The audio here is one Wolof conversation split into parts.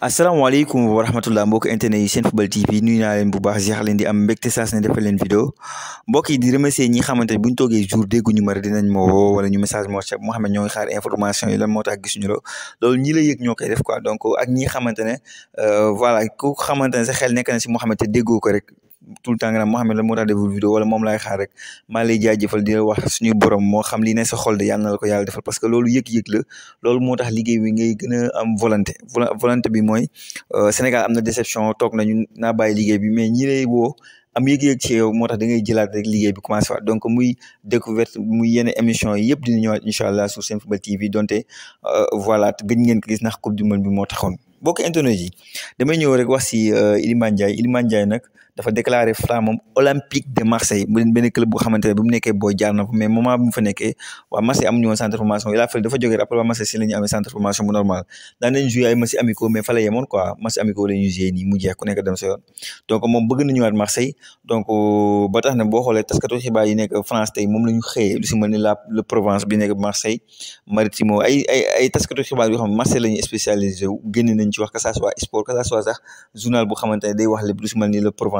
asalaamaaleykum wa rahmatullah mbokk internet yi seen football TV nuyu naa leen bu baax jeex leen di am mbégte saa ne defal vidéo mbokk yi di remercier ñi xamante ne bu toogee jour dégguñu ma rek dinañ wala ñu message ma whatsapp moo xam ne ñoo ngi xaar information yi lan moo tax gisuñu la loolu ñoo koy def quoi donc ak ñi xamante ne euh, voilà ku xamante ne xel nekk na si moo xamante déggoo ko rek tout le temps nga naan Mouhamed la moo rendez-vous vidéo wala moom laay xaar rek maa lay jaajëfal di wax suñuy borom moo xam li ne sa xol de yàlla na ko yàlla defal parce que loolu yëg-yëg la loolu moo tax liggéey bi nga gën a am volonté volonté bi mooy euh, Sénégal am na déception toog nañu naa bàyyi liggéey bi mais ñi lay woo am yëg-yëg ci yow tax da ngay jëlaat rek liggéey bi commencé waat donc muy découverte muy yenn émission yi yëpp dina ñëwaat incha allah sur Senfootball TV donte euh, voilà gëj ko gis ndax coupe bi moo taxoon bokk internet yi damay ñëw rek wax si euh, Iliman Ndiaye Iliman Ndiaye nag dafa déclaré Franc moom Olympique de Marseille mu benn club bu xamantene ne bu mu nekkee booy mais moment bu fa nekké wa Marseille am ñu centre formation il a fallu dafa joggé rappel waa Marseille si la ñu amee centre formation bu normal da nañ jouer ay match amicaux mais fa la yemoon quoi match amicaux lañu jouer ni mu jé ku nekk dem sa yoon donc mom bëgg na ñëwaat Marseille donc euh, ba tax na bo xolé taskatu xibaar yi nekk France tay mom lañu ñu lu ci mel la le Provence bi nekk Marseille Maritimo ay ay ay taskatu xibaar yoo xam Marseille lañu spécialisé wu génn nañ ci wax que ça soit sport que ça soit sax journal bu xamante day wax le lu si ni le Provence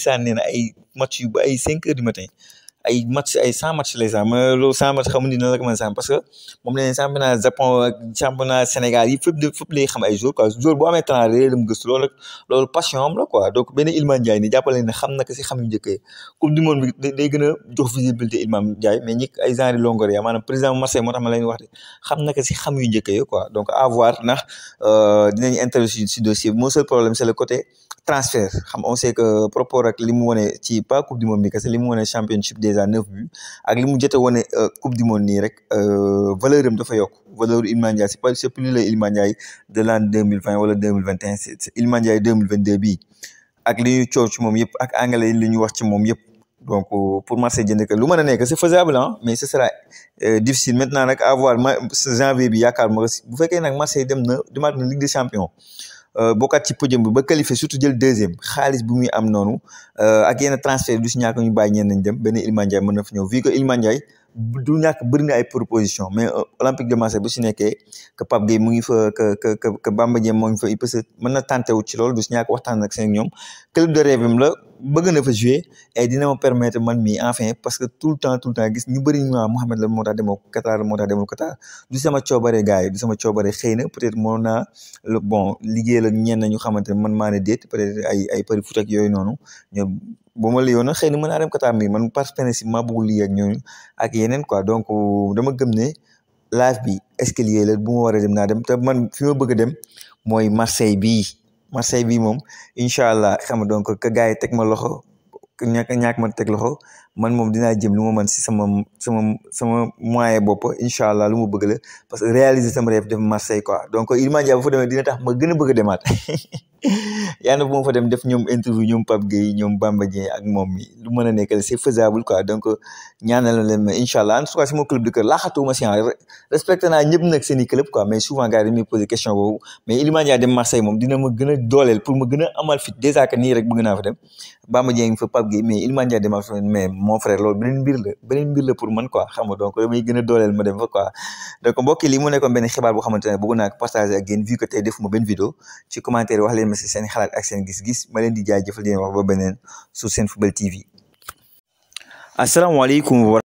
ndeysaan na ay match yu ba ay cinq heures du matin ay match ay 100 match les sax ma loolu cent match xamni na la ko mën a parce que moom la championnat Japon ak championnat Sénégal yi fep fep fépp lay xam ay joueurs quoi joueur boo amé temps rek dem gëstu loolu loolu passion am la quoi donc ben ilman Ndiaye ni jàppale ni xam na ko xam yu njëkk coupe du monde bi day gëna jox visibilité Iliman Ndiaye mais ñi ay genre Longoria manam président Marseille motax ma lay wax de xam na ko xam yu njëkk quoi donc à voir euh dinañ interview ci dossier bi mon seul problème c'est le côté transfert xam on sait que propos rek limu woné ci pas coupe du monde bi kese li mu wane championship déjà 9 buts ak limu mu woné euh, coupe du monde ni rek euh valeurum dafa yok. valeur Iliman c'est pas c'est plus le Iliman de l'an 2020 wala 2021, c'est Iliman 2022 bi. ak liñu ñu ci ak anglais liñu wax ci mom yëpp donc euh, pour Marseille jënd que lu mën a c'est faisable hein, mais ce sera euh, difficile maintenant nak avoir janvier bi yakar ma bu fekkee nak Marseille dem na demaat na Ligue des champions Euh, bokkaat ci podium bi ba qualifié surtout jël deuxième xaalis bi muy am noonu euh, ak yenn transfert du si ñàkk ñu bàyyi ñeen nañ dem benn Iliman Ndiaye mën na fi ñëw vu que Iliman dunia uh, ke brina e pour position mais olympique de marseille bu ci nekké capable gay mu ngi fa ke ke ke ke bamba ñe mo ngi fa ipse man na wu ci lool du ñak waxtan nak sen ñom club de rêve la bëgg na fa jouer et eh, dina mo permettre man mi enfin parce que tout le temps tout le temps gis ñu bari ñu mohammed la ta demo qatar mo ta demo qatar du sama ciobare gaay du sama ciobare xeyna peut-être mo na le bon liguel ak ñen ñu xamantene man mané det peut-être ay ay pari foot ak yoy nonu ñu bu ma lii woon xëy na mën naa dem Qatar mi man parce que maa bëgg lii ak ñooñu ak yeneen quoi donc dama gëm ne live bi escalier la bu ma war a dem naa dem te man fi ma bëgg a dem mooy Marseille bii Marseille bii moom incha allah xam donc que gars yi teg ma loxo ñàkk ñàkk ma teg loxo man moom dinaa jëm lu ma man si sama sama sama moyen bopp incha allah lu ma bëgg la parce que réaliser sama rêve def Marseille quoi donc Iliman dina tax ma gën a bëgg a demaat yàlla bu ma fa dem def ñoom interview ñoom Pape Gueye ñoom Bamba Dieng ak moom mi lu mën a nekk la c'est faisable quoi donc ñaanal leen ma incha allah en tout cas sama club de cœur laaxatuma si naa ñëpp nag seen club quoi mais souvent gars yi poser question boobu mais Iliman Ndiaye dem Marseille moom dina ma gën a dooleel ma gën a amal fit dèjà que nii rek bëgg naa fa dem Bamba Dieng fa Pape Gueye mais Iliman Ndiaye dem mais mon frère loolu beneen mbir la beneen mbir la pour man quoi xam donc damay gën a ma dem fa quoi donc mbokk yi lii mu nekkoon benn xibaar boo xamante partager ak yéen vu que tey defuma benn vidéo ci commentaire wax leen ma seen xalaat ak seen gis-gis ma leen di jaajëfal di leen wax ba beneen sur Senfootball TV asalaamaaleykum